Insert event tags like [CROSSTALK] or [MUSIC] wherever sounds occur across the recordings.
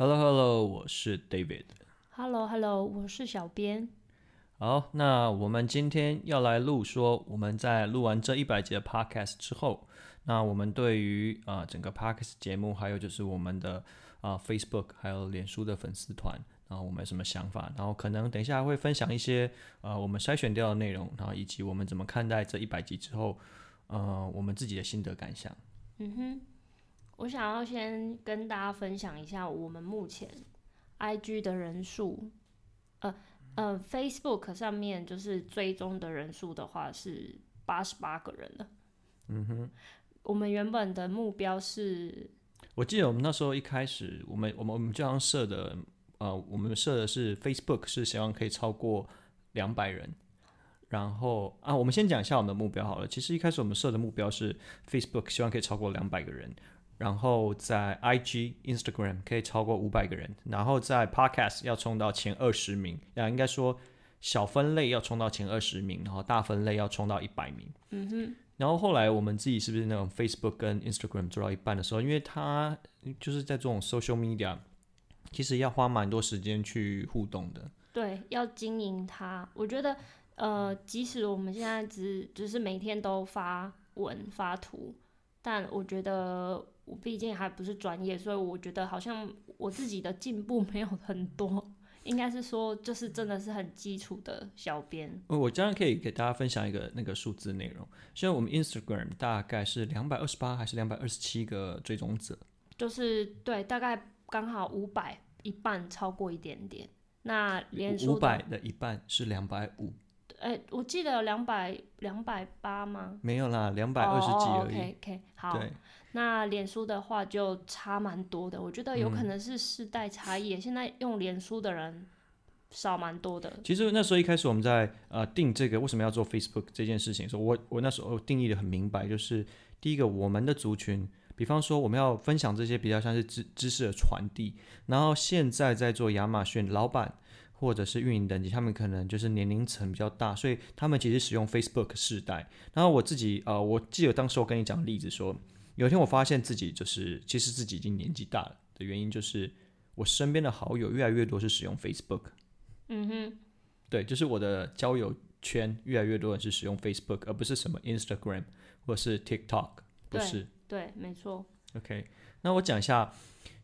Hello Hello，我是 David。Hello Hello，我是小編。好，那我們今天要來錄說，我們在錄完這一百集的 Podcast 之後，那我們對於啊、呃、整個 Podcast 節目，還有就是我們的啊、呃、Facebook 還有臉書的粉絲團，然後我們有什麼想法？然後可能等一下還會分享一些啊、呃、我們篩選掉的內容，然後以及我們怎麼看待這一百集之後，嗯、呃，我們自己的心得感想。嗯哼。我想要先跟大家分享一下我們目前 IG 的人數，呃呃，Facebook 上面就是追蹤的人數的話是八十八個人了。嗯哼，我們原本的目標是，我記得我們那時候一開始我，我們我們我們這樣設的，呃，我們設的是 Facebook 是希望可以超過兩百人，然後啊，我們先講一下我們的目標好了。其實一開始我們設的目標是 Facebook 希望可以超過兩百個人。然後在 IG Instagram 可以超過五百個人，然後在 Podcast 要衝到前二十名，啊，應該說小分類要衝到前二十名，然後大分類要衝到一百名。嗯哼。然後後來我們自己是不是那種 Facebook 跟 Instagram 做到一半的時候，因為它就是在這種 social media，其實要花蠻多時間去互動的。對，要經營它。我覺得，呃，即使我們現在只只、就是每天都發文發圖，但我覺得。我畢竟還不是專業，所以我覺得好像我自己的進步沒有很多，應該是說就是真的是很基礎的小編。哦、我將可以給大家分享一個那個數字內容，現在我們 Instagram 大概是兩百二十八還是兩百二十七個追蹤者，就是對，大概剛好五百一半超過一點點。那連五百的，的一半是兩百五，哎，我記得有兩百兩百八嗎？沒有啦，兩百二十幾而已。Oh, okay, OK，好。那臉書的話就差蠻多的，我覺得有可能是世代差異、嗯。現在用臉書的人少蠻多的。其實那時候一開始我們在呃定這個為什麼要做 Facebook 這件事情的時候，我我那時候定義得很明白，就是第一個我們的族群，比方說我們要分享這些比較像是知知識的傳遞。然後現在在做亞馬遜老板或者是運營等級，他們可能就是年齡層比較大，所以他們其實使用 Facebook 世代。然後我自己呃，我記得當時我跟你講的例子說。有一天我發現自己就是，其實自己已經年紀大了的原因，就是我身邊的好友越來越多是使用 Facebook。嗯哼，對，就是我的交友圈越來越多的是使用 Facebook，而不是什麼 Instagram 或者是 TikTok。不是。對，對，沒錯。OK，那我講一下，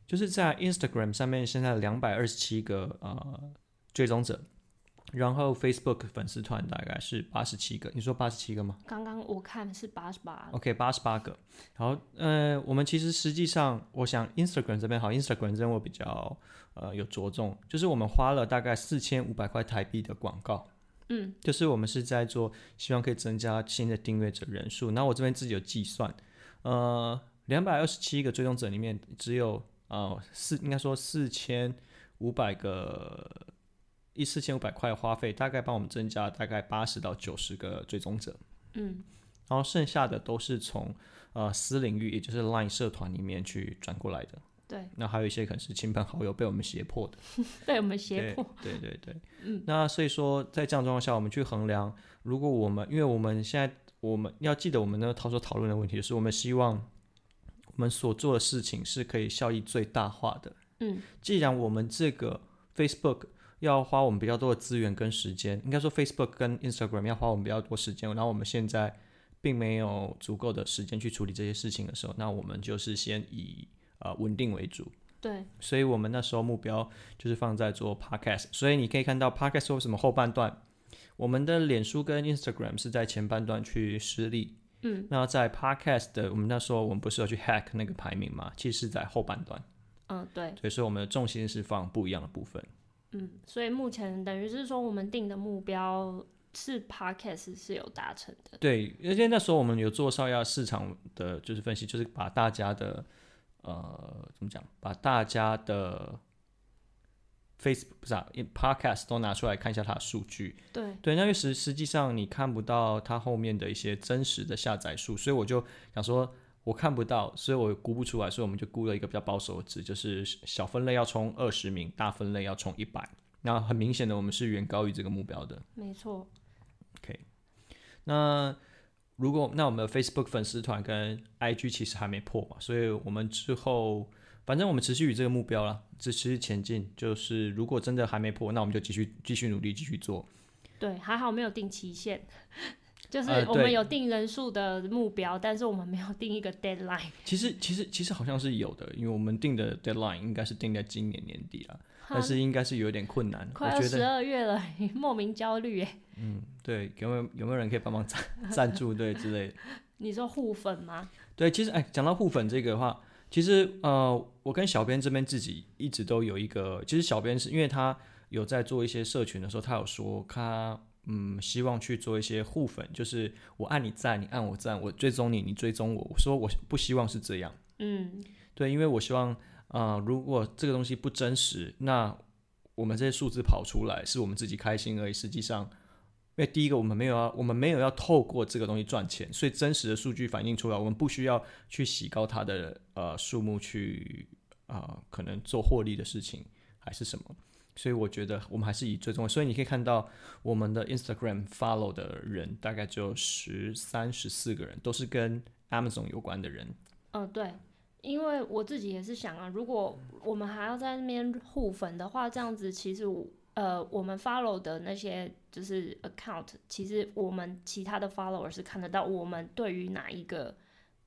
就是在 Instagram 上面現在兩百二十七個呃追蹤者。然後 Facebook 粉絲團大概是八十七個，你說八十七個嗎？剛剛我看的是八十八。OK，八十八個。好，呃，我們其實實際上，我想 Instagram 這邊好，Instagram 這邊我比較呃有着重，就是我們花了大概四千五百塊台幣的廣告，嗯，就是我們是在做，希望可以增加新的訂閱者人數。那我這邊自己有計算，呃，兩百二十七個追蹤者裡面只有呃四，4, 應該說四千五百個。一四千五百塊花費，大概幫我們增加了大概八十到九十個追蹤者。嗯，然後剩下的都是從呃私領域，也就是 Line 社團裡面去轉過來的。對。那還有一些可能是親朋好友被我們脅迫的。 [LAUGHS] 被我們脅迫。對。對對對。嗯。那所以說，在這樣狀況下，我們去衡量，如果我們因為我們現在我們要記得我們那個討所討論的問題，是我們希望我們所做的事情是可以效益最大化的。嗯。既然我們這個 Facebook 要花我們比較多的資源跟時間，應該說 Facebook 跟 Instagram 要花我們比較多時間。然後我們現在並沒有足夠的時間去處理這些事情的時候，那我們就是先以呃穩定為主。對，所以我們那時候目標就是放在做 Podcast。所以你可以看到 Podcast 為什麼後半段，我們的臉書跟 Instagram 是在前半段去失利。嗯，那在 Podcast 的，我們那時候我們不是要去 Hack 那個排名嘛？其實是在後半段。嗯、哦，對。所以，所以我們的重心是放不一樣的部分。嗯，所以目前等於是說，我們定的目標是 podcast 是有達成的。對，而且那時候我們有做稍微市場的就是分析，就是把大家的呃怎麼講，把大家的 Facebook 不是、啊、podcast 都拿出來看一下他的數據。對對，因為實實際上你看不到他後面的一些真實的下載數，所以我就想說。我看不到，所以我估不出來，所以我們就估了一個比較保守的值，就是小分類要衝二十名，大分類要衝一百。那很明顯的，我們是遠高於這個目標的。沒錯。OK，那如果那我們的 Facebook 粉絲團跟 IG 其實還沒破嘛，所以我們之後反正我們持續與這個目標啦，只持續前進。就是如果真的還沒破，那我們就繼續繼續努力，繼續做。對，還好，好沒有定期限。就是我們有定人數的目標、呃，但是我們沒有定一個 deadline。其實，其實，其實好像是有的，因為我們定的 deadline 應該是定在今年年底了，但是應該是有點困難。快要十二月了， [LAUGHS] 莫名焦慮哎。嗯，對，有沒有有沒有人可以幫忙贊 [LAUGHS] 贊助對之類的？你說互粉嗎？對，其實哎，講到互粉這個的話，其實呃，我跟小編這邊自己一直都有一個，其實小編是因為他有在做一些社群的時候，他有說他。嗯，希望去做一些互粉，就是我按你贊，你按我贊，我追蹤你，你追蹤我。我說我不希望是這樣。嗯，對，因為我希望啊、呃，如果這個東西不真實，那我們這些數字跑出來是我們自己開心而已。實際上，因為第一個我們沒有啊，我們沒有要透過這個東西賺錢，所以真實的數據反映出來，我們不需要去洗高它的呃數目去啊、呃，可能做獲利的事情還是什麼。所以我覺得我們還是以最終，所以你可以看到我們的 Instagram follow 的人大概只有十三、十四個人，都是跟 Amazon 有關的人。嗯、呃，對，因為我自己也是想啊，如果我們還要在那邊互粉的話，這樣子其實我呃，我們 follow 的那些就是 account，其實我們其他的 follower 是看得到我們對於哪一個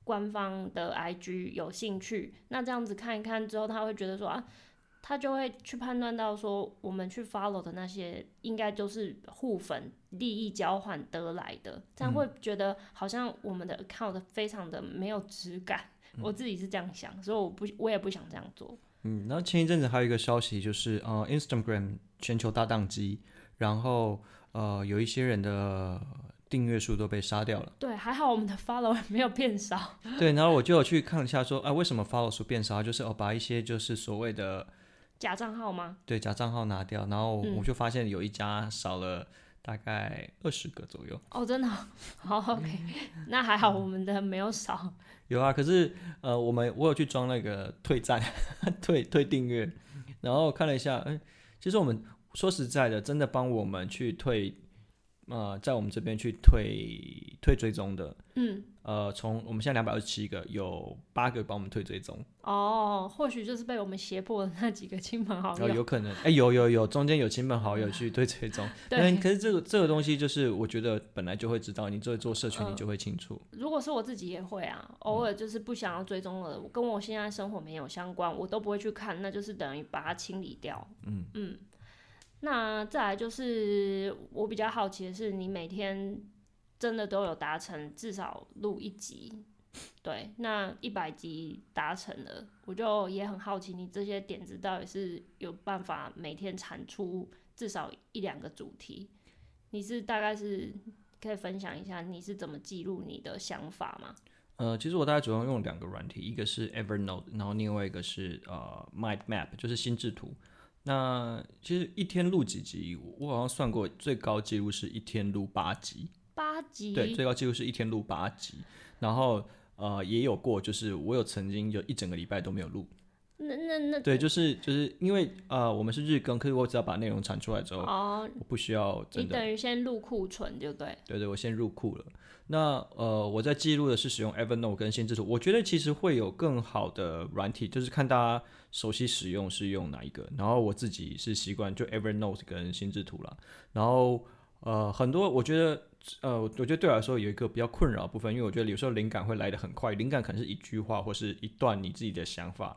官方的 IG 有興趣。那這樣子看一看之後，他會覺得說啊。他就會去判斷到說，我們去 follow 的那些應該都是互粉、利益交換得來的，這樣會覺得好像我們的 account 非常的沒有質感、嗯。我自己是這樣想，所以我不，我也不想這樣做。嗯，然後前一陣子還有一個消息就是，呃，Instagram 全球大當機，然後呃，有一些人的訂閱數都被殺掉了。對，還好我們的 follow 沒有變少。對，然後我就有去看一下說，啊，呃，為什麼 follow 數變少，就是我，呃、把一些就是所謂的。假賬號嗎？對，假賬號拿掉，然後我就發現有一家少了大概二十個左右。哦、嗯，oh，真的，好、oh, OK， [LAUGHS] 那還好我們的沒有少。嗯、有啊，可是呃，我們我有去裝那個退讚、 [LAUGHS] 退退訂閱，然後看了一下，呃、其實我們說實在的，真的幫我們去退啊、呃，在我們這邊去退退追蹤的，嗯。呃，從我們現在兩百二十七個，有八個幫我們退追蹤。哦，或許就是被我們脅迫的那幾個親朋好友、哦，有可能。哎、欸，有有有，中間有親朋好友去退追蹤 [LAUGHS] 對。但可是這個這個東西，就是我覺得本來就會知道，你做做社群，你就會清楚、呃。如果是我自己也會啊，偶爾就是不想要追蹤了、嗯，跟我現在生活沒有相關，我都不會去看，那就是等於把它清理掉。嗯嗯。那再來就是我比較好奇的是，你每天。真的都有達成，至少錄一集。對，那一百集達成了，我就也很好奇，你這些點子，到底是有辦法每天產出至少一兩個主題？你是大概是可以分享一下你是怎麼記錄你的想法嗎？呃，其實我大概主要用兩個軟體，一個是 Evernote，然後另外一個是呃 Mind Map，就是心智圖。那其實一天錄幾集，我好像算過，最高紀錄是一天錄八集。八集對，最高記錄是一天錄八集，然後呃也有過，就是我有曾經有一整個禮拜都沒有錄，那那那對，就是就是因為呃我們是日更，可是我只要把內容產出來之後哦，我不需要真的你等於先入庫存就對，對不對？對對，我先入庫了。那呃我在記錄的是使用 Evernote 跟心智圖，我覺得其實會有更好的軟體，就是看大家熟悉使用是用哪一個，然後我自己是習慣就 Evernote 跟心智圖了。然後呃很多我覺得。呃，我覺得對我來說有一個比較困擾的部分，因為我覺得有時候靈感會來的很快，靈感可能是一句話或是一段你自己的想法。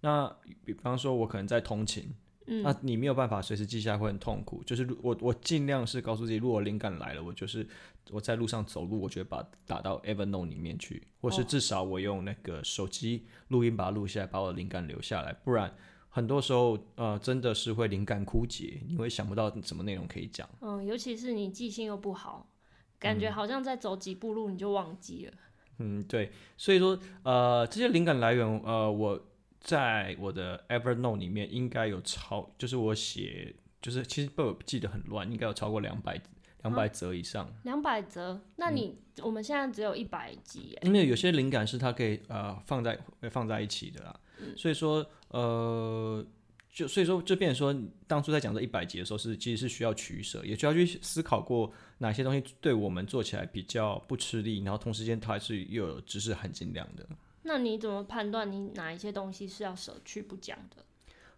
那比方說，我可能在通勤，那、嗯啊、你沒有辦法隨時記下，會很痛苦。就是我，我盡量是告訴自己，如果靈感來了，我就是我在路上走路，我覺得把打到 Evernote 裡面去，或是至少我用那個手機錄音把它錄下來，把我的靈感留下來，不然。很多時候，呃，真的是會靈感枯竭，你會想不到什麼內容可以講。嗯，尤其是你記性又不好，感覺好像在走幾步路你就忘記了。嗯，嗯對，所以說，呃，這些靈感來源，呃，我在我的 Evernote 裡面應該有超，就是我寫，就是其實不記得很亂，應該有超過兩百兩百則以上。兩百則？那你、嗯、我們現在只有一百集。因為有些靈感是它可以呃放在放在一起的啦。所以說，呃，就所以說，就變成說，當初在講這一百集的時候是，是其實是需要取捨，也需要去思考過哪些東西對我們做起來比較不吃力，然後同時間它還是又有知識含金量的。那你怎麼判斷你哪一些東西是要捨去不講的？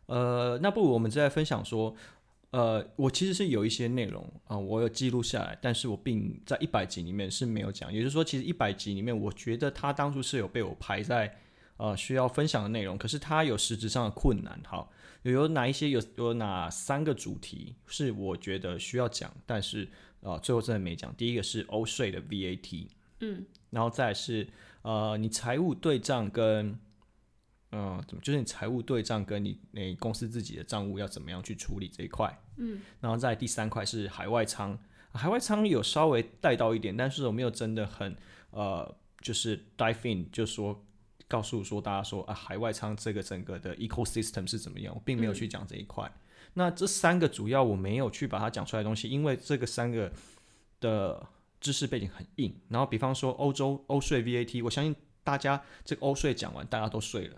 呃，那不如我們再分享說，呃，我其實是有一些內容啊，呃，我有記錄下來，但是我並在一百集裡面是沒有講，也就是說，其實一百集裡面，我覺得它當初是有被我排在。呃，需要分享的內容，可是它有實質上的困難。好，有有哪一些有有哪三個主題是我覺得需要講，但是呃，最後真的沒講。第一個是歐稅的 VAT，嗯，然後再是呃，你財務對賬跟嗯、呃，怎麼就是你財務對賬跟你那公司自己的賬務要怎麼樣去處理這一塊，嗯，然後在第三塊是海外倉，啊，海外倉有稍微帶到一點，但是我沒有真的很呃，就是 dive in，就說。告訴說大家說啊，海外倉這個整個的 ecosystem 是怎麼樣？我並沒有去講這一塊。嗯。那這三個主要我沒有去把它講出來的東西，因為這個三個的知識背景很硬。然後比方說歐洲歐稅 VAT，我相信大家這個歐稅講完大家都睡了。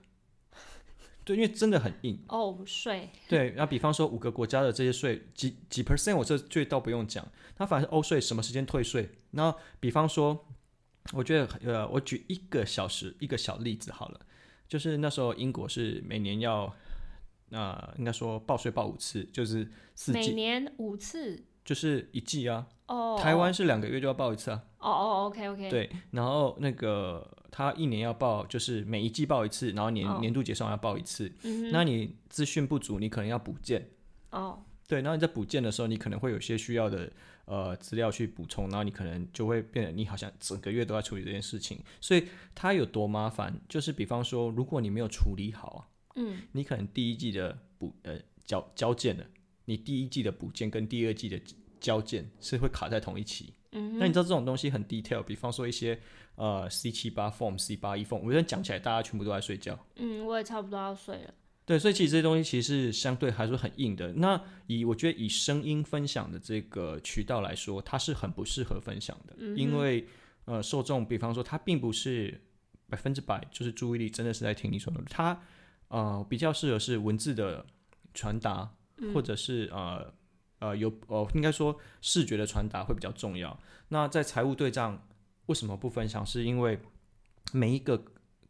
對，因為真的很硬。歐、哦、稅對，那比方說五個國家的這些稅幾幾 percent，我這這倒不用講。那反正是歐稅什麼時間退稅？那比方說。我覺得呃，我舉一個小時一個小例子好了，就是那時候英國是每年要，那、呃、應該說報稅報五次，就是四季每年五次，就是一季啊。哦、oh.，台灣是兩個月就要報一次啊。哦、oh, 哦，OK OK。對，然後那個他一年要報，就是每一季報一次，然後年、oh. 年度結算要報一次。Mm -hmm. 那你資訊不足，你可能要補件。哦、oh.。對，然後你在補件的時候，你可能會有些需要的呃資料去補充，然後你可能就會變得你好像整個月都在處理這件事情，所以它有多麻煩，就是比方說如果你沒有處理好啊，嗯，你可能第一季的補呃交交件的，你第一季的補件跟第二季的交件是會卡在同一期，嗯，那你知道這種東西很 detail，比方說一些呃 C 七八 form、C 八一 form，我覺得講起來大家全部都在睡覺，嗯，我也差不多要睡了。對，所以其實這些東西其實是相對還是很硬的。那以我覺得以聲音分享的這個渠道來說，它是很不適合分享的，嗯、因為呃，受眾比方說他並不是百分之百就是注意力真的是在聽你說的。他呃比較適合是文字的傳達，嗯、或者是呃呃有呃應該說視覺的傳達會比較重要。那在財務對賬為什麼不分享？是因為每一個。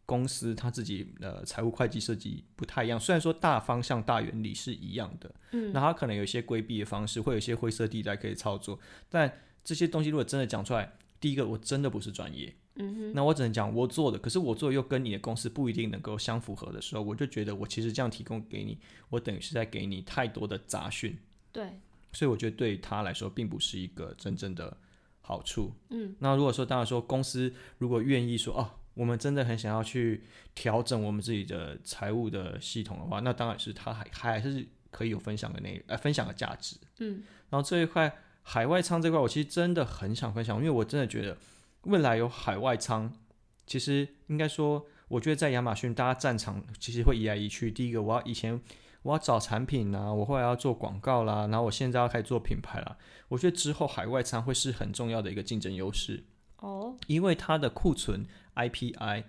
公司他自己的、呃、財務會計設計不太一樣，雖然說大方向大原理是一樣的，嗯，那他可能有一些規避的方式，會有一些灰色地帶可以操作，但這些東西如果真的講出來，第一個我真的不是專業，嗯，那我只能講我做的，可是我做又跟你的公司不一定能夠相符合的時候，我就覺得我其實這樣提供給你，我等於是在給你太多的雜訊，對，所以我覺得對他來說並不是一個真正的好處，嗯，那如果說當然說公司如果願意說哦。我們真的很想要去調整我們自己的財務的系統的話，那當然是它還它還是可以有分享的內呃分享的價值。嗯，然後這一塊海外倉這塊，我其實真的很想分享，因為我真的覺得未來有海外倉，其實應該說，我覺得在亞馬遜大家戰場其實會移來移去。第一個，我要以前我要找產品啦，啊，我後來要做廣告啦，然後我現在要開始做品牌啦，我覺得之後海外倉會是很重要的一個競爭優勢。哦、oh.，因為它的庫存 IPI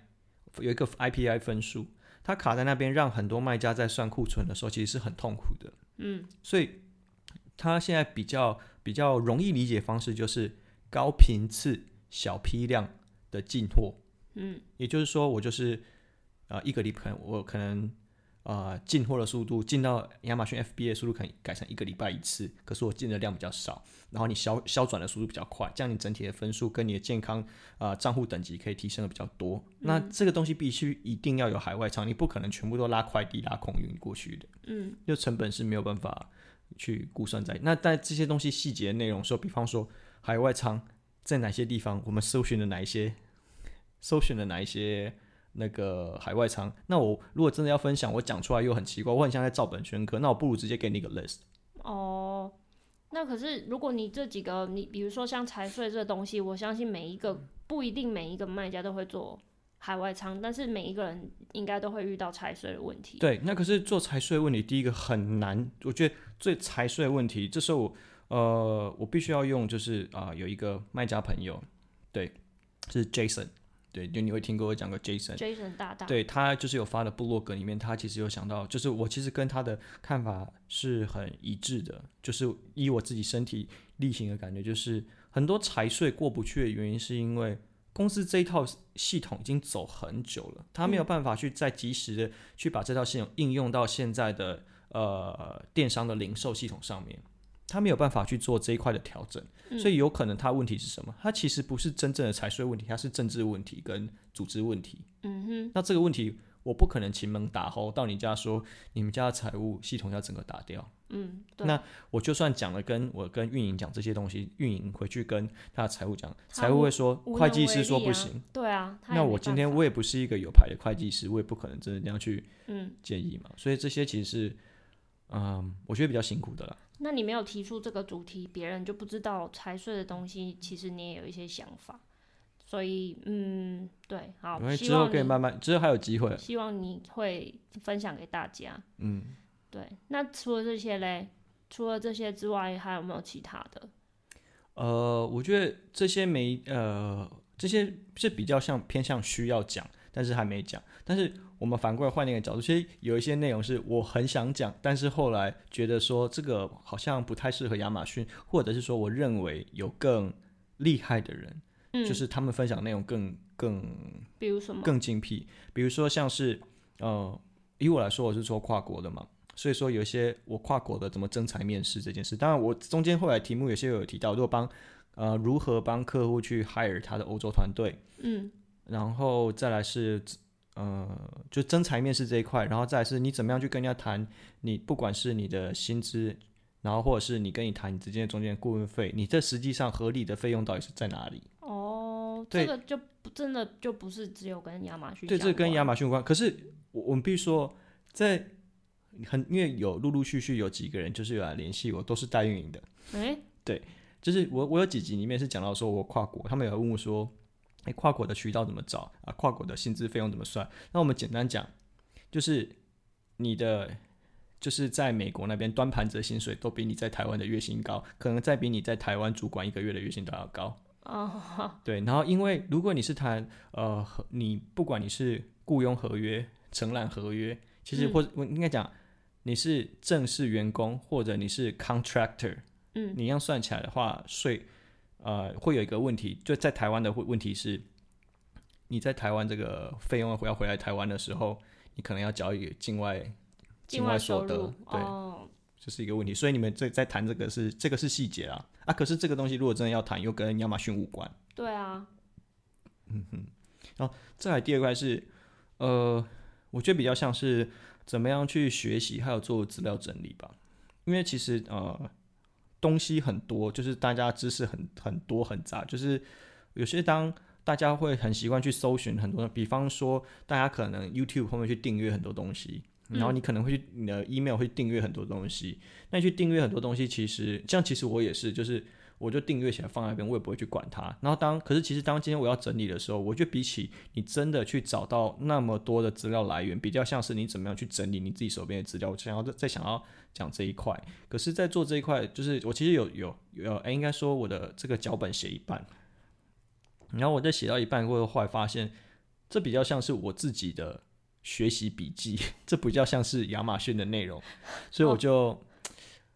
有一個 IPI 分數，它卡在那邊，讓很多賣家在算庫存的時候其實是很痛苦的。嗯，所以他現在比較比較容易理解方式就是高頻次小批量的進貨。嗯，也就是說，我就是啊、呃、一個禮拜我可能。啊、呃，進貨的速度進到亞馬遜 FBA 的速度可以改成一個禮拜一次，可是我進的量比較少，然後你銷銷轉的速度比較快，這樣你整體的分數跟你的健康啊、呃、賬戶等級可以提升的比較多，嗯。那這個東西必須一定要有海外倉，你不可能全部都拉快遞拉空運過去的，嗯，就成本是沒有辦法去估算在。那在這些東西細節的內容說，比方說海外倉在哪些地方，我們搜尋了哪一些，搜尋了哪一些。那個海外倉，那我如果真的要分享，我講出來又很奇怪，我很像在照本宣科，那我不如直接給你一個 list。哦、呃，那可是如果你這幾個，你比如說像財稅這東西，我相信每一個不一定每一個賣家都會做海外倉，但是每一個人應該都會遇到財稅的問題。對，那可是做財稅問題，第一個很難，我覺得最財稅問題，這是我呃，我必須要用就是啊、呃，有一個賣家朋友，對，是 Jason。對，就你會聽過我講過 Jason，Jason 大大，對，他就是有發的布洛格裡面，他其實有想到，就是我其實跟他的看法是很一致的，就是依我自己身體力行的感覺，就是很多財稅過不去的原因，是因為公司這一套系統已經走很久了，他沒有辦法去再及時的去把這套系統應用到現在的呃電商的零售系統上面。他沒有辦法去做這一塊的調整，嗯，所以有可能他問題是什麼？他其實不是真正的財稅問題，他是政治問題跟組織問題。嗯哼。那這個問題，我不可能親門打後到你家說，你們家的財務系統要整個打掉。嗯，對。那我就算講了，跟我跟運營講這些東西，運營回去跟他的財務講，財務會說，啊、會計師說不行。對啊他也。那我今天我也不是一個有牌的會計師，嗯，我也不可能真的這樣去嗯建議嘛，嗯。所以這些其實是，嗯，我覺得比較辛苦的了。那你沒有提出這個主題，別人就不知道財稅的東西。其實你也有一些想法，所以嗯，對，好，希望，之後可以慢慢，之後還有機會，希望你會分享給大家。嗯，對。那除了這些嘞，除了這些之外，還有沒有其他的？呃，我覺得這些沒，呃，這些是比較像偏向需要講，但是還沒講，但是。嗯我們反過來換另一個角度，其實有一些內容是我很想講，但是後來覺得說這個好像不太適合亞馬遜，或者是說我認為有更厲害的人，嗯，就是他們分享的內容更更，比如什麼更精闢，比如說像是呃，以我來說，我是做跨國的嘛，所以說有一些我跨國的怎麼徵才面試這件事，當然我中間後來題目有些有提到，如果幫呃，如何幫客戶去 hire 他的歐洲團隊，嗯，然後再來是。呃、嗯，就徵才面試這一塊，然後再是，你怎麼樣去跟人家談？你不管是你的薪資，然後或者是你跟你談你之間的中間顧問費，你這實際上合理的費用到底是在哪裡？哦，對這個就真的就不是只有跟亞馬遜。對，這跟亞馬遜無關。可是我我們必須說，在很因為有陸陸續續有幾個人就是有來聯繫我，都是代運營的。哎、欸，對，就是我我有幾集裡面是講到說我跨國，他們有問我說。哎，跨國的渠道怎麼找啊？跨國的薪資費用怎麼算？那我們簡單講，就是你的就是在美國那邊端盤子的薪水，都比你在台灣的月薪高，可能再比你在台灣主管一個月的月薪都要高。哦，對，然後因為如果你是談呃，你不管你是雇傭合約、承攬合約，其實或者，嗯、我應該講，你是正式員工或者你是 contractor，嗯，你要算起來的話，稅。呃，會有一個問題，就在台灣的問題是，你在台灣這個費用要回來台灣的時候，你可能要交於境外境外，境外所得，哦、對，這、就是一個問題。所以你們在在談這個是這個是細節啊啊！可是這個東西如果真的要談，又跟亞馬遜無關。對啊，嗯哼，然後再來第二塊是，呃，我覺得比較像是怎麼樣去學習還有做資料整理吧，因為其實呃。東西很多，就是大家知識很很多很雜，就是有些當大家會很習慣去搜尋很多，比方說大家可能 YouTube 後面去訂閱很多東西，然後你可能會去你的 email 會去訂閱很多東西，嗯、那你去訂閱很多東西，其實像其實我也是，就是。我就訂閱起來放在那邊，我也不會去管它。然後當可是其實當今天我要整理的時候，我就比起你真的去找到那麼多的資料來源，比較像是你怎麼樣去整理你自己手邊的資料。我就想要再想要講這一塊，可是，在做這一塊，就是我其實有有有，哎、欸，應該說我的這個腳本寫一半，然後我在寫到一半過後，後來發現這比較像是我自己的學習筆記， [LAUGHS] 這比較像是亞馬遜的內容，所以我就，哦、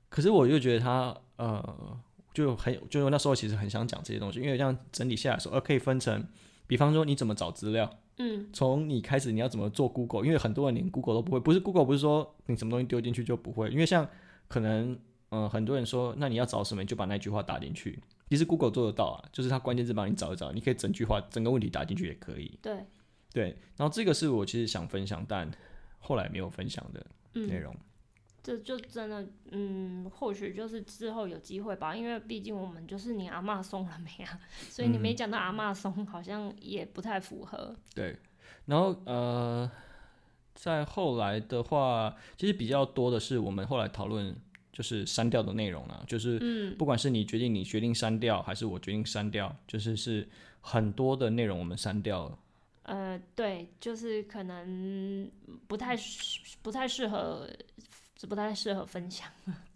可是我就覺得它呃。就很就是那時候其實很想講這些東西，因為這樣整理下來說，呃，可以分成，比方說你怎麼找資料，嗯，從你開始你要怎麼做 Google，因為很多人連 Google 都不會，不是 Google，不是說你什麼東西丟進去就不會，因為像可能嗯、呃、很多人說，那你要找什麼你就把那句話打進去，其實 Google 做得到啊，就是它關鍵字幫你找一找，你可以整句話整個問題打進去也可以，對，對，然後這個是我其實想分享，但後來沒有分享的內容。嗯這就真的，嗯，或許就是之後有機會吧，因為畢竟我們就是你阿嬤鬆了沒啊，所以你沒講到阿嬤鬆、嗯，好像也不太符合。對，然後呃，在後來的話，其實比較多的是我們後來討論就是刪掉的內容啊。就是嗯，不管是你決定你決定刪掉，還是我決定刪掉，就是是很多的內容我們刪掉了。呃，對，就是可能不太不太適合。是不太適合分享。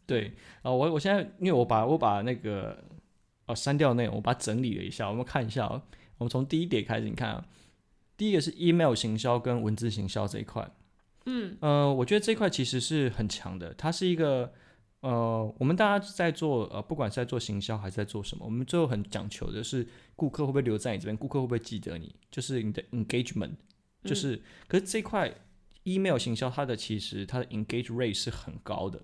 對，啊、呃，我我現在因為我把我把那個呃、哦、刪掉那我把它整理了一下，我們看一下啊，我們從第一點開始，你看啊，第一個是 email 行銷跟文字行銷這一塊，嗯，呃，我覺得這塊其實是很強的，它是一個呃，我們大家在做呃，不管是在做行銷還是在做什麼，我們最後很講求的是顧客會不會留在你這邊，顧客會不會記得你，就是你的 engagement，就是，嗯、可是這塊。email 行銷，它的其實它的 engage rate 是很高的，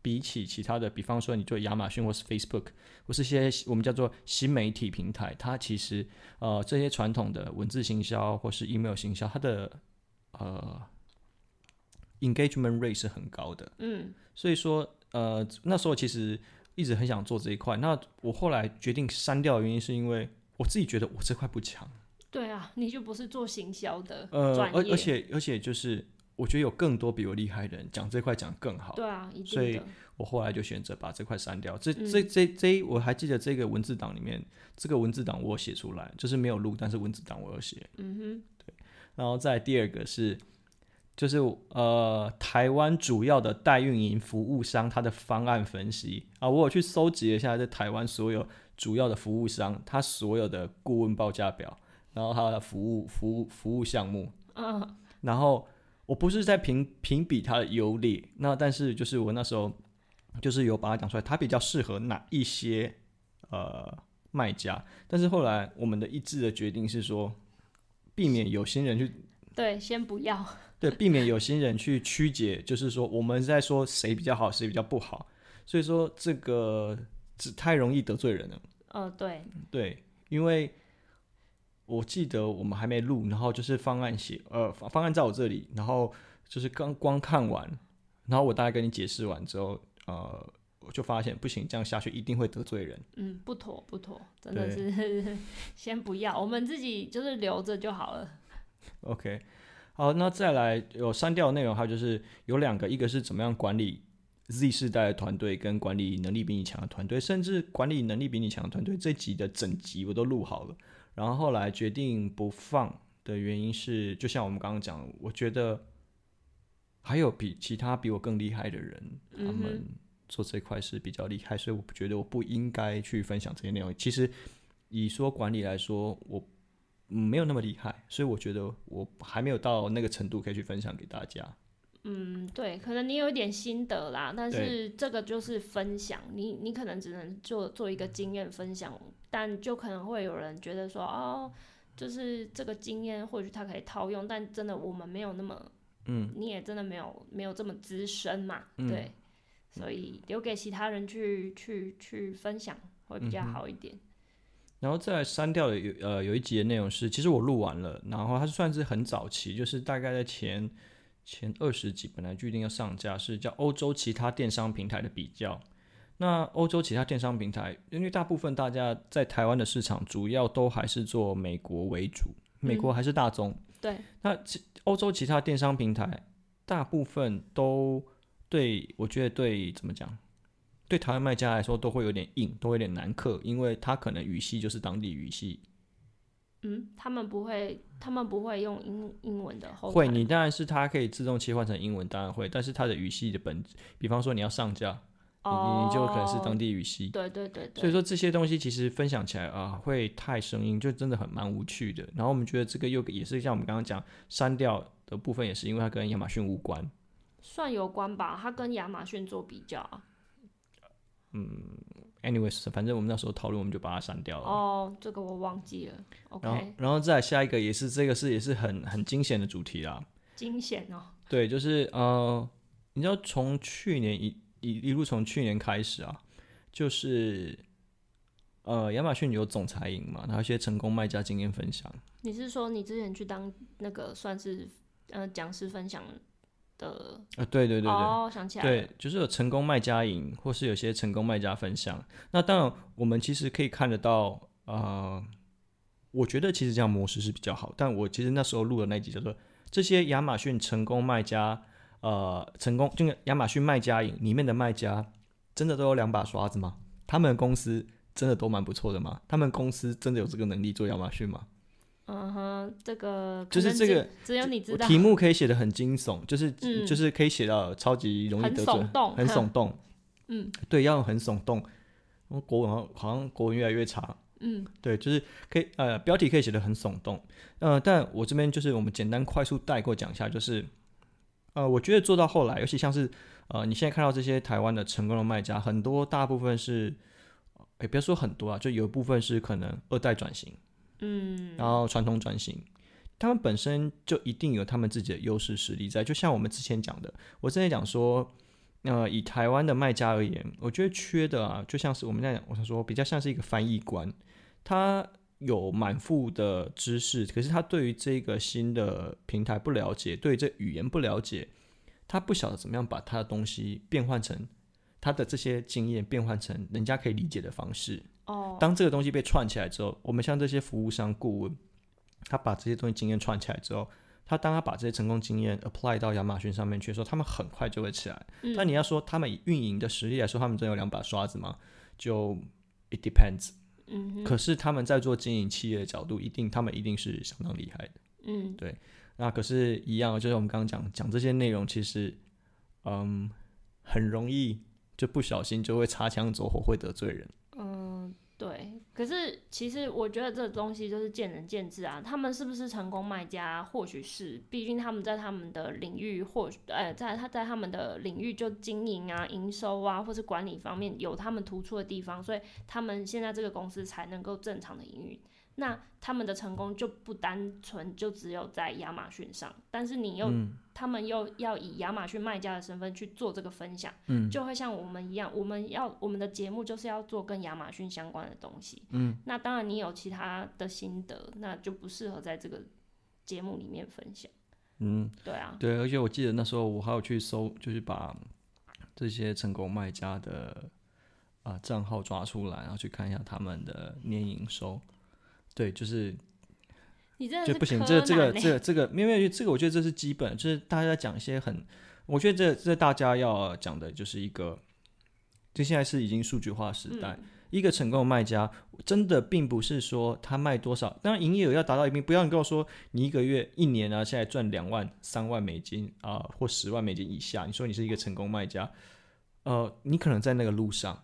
比起其他的，比方說你做亞馬遜或是 Facebook 或是一些我們叫做新媒體平台，它其實呃這些傳統的文字行銷或是 email 行銷，它的呃 engagement rate 是很高的。嗯，所以說呃那時候其實一直很想做這一塊，那我後來決定刪掉的原因是因為我自己覺得我這塊不強。對啊，你就不是做行銷的呃，而而且而且就是，我覺得有更多比我厲害的人講這塊講更好。對啊，一定。所以，我後來就選擇把這塊刪掉。這、嗯、這這這，我還記得這個文字檔裡面，這個文字檔我寫出來，就是沒有錄，但是文字檔我有寫。嗯哼，對。然後再第二個是，就是呃，台灣主要的代運營服務商他的方案分析啊，我有去蒐集了一下，在台灣所有主要的服務商，他所有的顧問報價表。然後他的服務、服務、服務項目。嗯。然後我不是在評評比他的優劣，那但是就是我那時候就是有把它講出來，它比較適合哪一些呃賣家。但是後來我們的一致的決定是說，避免有心人去對，先不要對，避免有心人去曲解， [LAUGHS] 就是說我們在說誰比較好，誰比較不好。所以說這個只太容易得罪人了。哦、嗯，對對，因為。我記得我們還沒錄，然後就是方案寫，呃，方案在我這裡，然後就是剛光看完，然後我大概跟你解釋完之後，呃，我就發現不行，這樣下去一定會得罪人。嗯，不妥不妥，真的是先不要，我們自己就是留着就好了。OK，好，那再來有刪掉的內容，還有就是有兩個，一個是怎麼樣管理 Z 世代的團隊，跟管理能力比你強的團隊，甚至管理能力比你強的團隊，這集的整集我都錄好了。然後後來決定不放的原因是，就像我們剛剛講，我覺得還有比其他比我更厲害的人、嗯，他們做這塊是比較厲害，所以我覺得我不應該去分享這些內容。其實，以說管理來說，我沒有那麼厲害，所以我覺得我還沒有到那個程度可以去分享給大家。嗯，對，可能你有一點心得啦，但是這個就是分享，你你可能只能做做一個經驗分享，但就可能會有人覺得說，哦，就是這個經驗或許他可以套用，但真的我們沒有那麼，嗯，你也真的沒有沒有這麼資深嘛、嗯，對，所以留給其他人去去去分享會比較好一點。嗯、然後再刪掉的有呃有一集的內容是，其實我錄完了，然後它算是很早期，就是大概在前。前二十集本來就一定要上架，是叫歐洲其他電商平台的比較。那歐洲其他電商平台，因為大部分大家在台灣的市場，主要都還是做美國為主，美國還是大宗。嗯、對，那歐洲其他電商平台，大部分都對我覺得對怎麼講，對台灣賣家來說都會有點硬，都會有點難克，因為他可能語系就是當地語系。嗯，他們不會，他們不會用英英文的後。會，你當然是它可以自動切換成英文，當然會。但是它的語系的本質，比方說你要上架，oh，你就可能是當地語系。對，對對對。所以說這些東西其實分享起來啊，會太生硬，就真的很蠻無趣的。然後我們覺得這個又也是像我們剛剛講刪掉的部分，也是因為它跟亞馬遜無關。算有關吧，它跟亞馬遜做比較。嗯。Anyways，反正我們那時候討論，我們就把它刪掉了。哦，這個我忘記了。OK，然後，然後再下一個也是這個是也是很很驚險的主題啊。驚險哦。對，就是呃，你知道從去年一一一路從去年開始啊，就是呃，亞馬遜有總裁營嘛，然後一些成功賣家經驗分享。你是說你之前去當那個算是呃講師分享？的啊，對對對對，哦，想起來了，對，就是有成功賣家影，或是有些成功賣家分享。那當然，我們其實可以看得到，啊、呃，我覺得其實這樣模式是比較好。但我其實那時候錄的那集叫做《這些亞馬遜成功賣家》，呃，成功就亞馬遜賣家影裡面的賣家，真的都有兩把刷子嗎？他們公司真的都蠻不錯的嗎？他們公司真的有這個能力做亞馬遜嗎？嗯哼，這個就是這個，只有你知道。題目可以寫的很驚悚，就是、嗯、就是可以寫到超級容易得罪，很聳動，很聳動，很聳動，嗯，對，要很聳動。國文好像，好像國文越來越差。嗯，對，就是可以呃，標題可以寫的很聳動。呃，但我這邊就是我們簡單快速帶過講一下，就是呃，我覺得做到後來，尤其像是呃，你現在看到這些台灣的成功的賣家，很多大部分是，也不要說很多啊，就有一部分是可能二代轉型。嗯，然後傳統轉型，他們本身就一定有他們自己的優勢實力在。就像我們之前講的，我之前講說、呃，以台灣的賣家而言，我覺得缺的啊，就像是我們在講，我想說，比較像是一個翻譯官，他有滿腹的知識，可是他對於這個新的平台不了解，對於這個語言不了解，他不曉得怎麼樣把他的東西變換成他的這些經驗變換成人家可以理解的方式。哦、當這個東西被串起來之後，我們像這些服務商顧問，他把這些東西經驗串起來之後，他當他把這些成功經驗 apply 到亞馬遜上面去的時候，他們很快就會起來。嗯、但你要說他們以運營的實力來說，他們真有兩把刷子嗎？就 it depends。嗯，可是他們在做經營企業的角度，一定他們一定是相當厲害的。嗯，對。那可是，一樣，就是我們剛剛講講這些內容，其實，嗯，很容易就不小心就會擦槍走火，會得罪人。嗯，對。可是其實我覺得這東西就是見仁見智啊。他們是不是成功賣家啊？或許是，畢竟他們在他們的領域或，或、哎、呃，在他，在他們的領域就經營啊、營收啊，或是管理方面有他們突出的地方，所以他們現在這個公司才能夠正常的營運。那他們的成功就不單純就只有在亞馬遜上，但是你又、嗯。他們又要以亞馬遜賣家的身份去做這個分享，嗯，就會像我們一樣，我們要我們的節目就是要做跟亞馬遜相關的東西，嗯，那當然你有其他的心得，那就不適合在這個節目裡面分享，嗯，對啊，對，而且我記得那時候我還有去搜，就是把這些成功賣家的啊賬號抓出來，然後去看一下他們的年營收，對，就是。你欸、就不行，這、欸、這個這個這個沒有，沒有，這個我覺得這是基本，就是大家要講一些很，我覺得這個、這個、大家要講的就是一個，就現在是已經數據化時代，嗯、一個成功的賣家真的並不是說他賣多少，當然營業額要達到一定，不要你跟我說你一個月一年啊，現在賺兩萬三萬美金啊、呃，或十萬美金以下，你說你是一個成功賣家，呃，你可能在那個路上。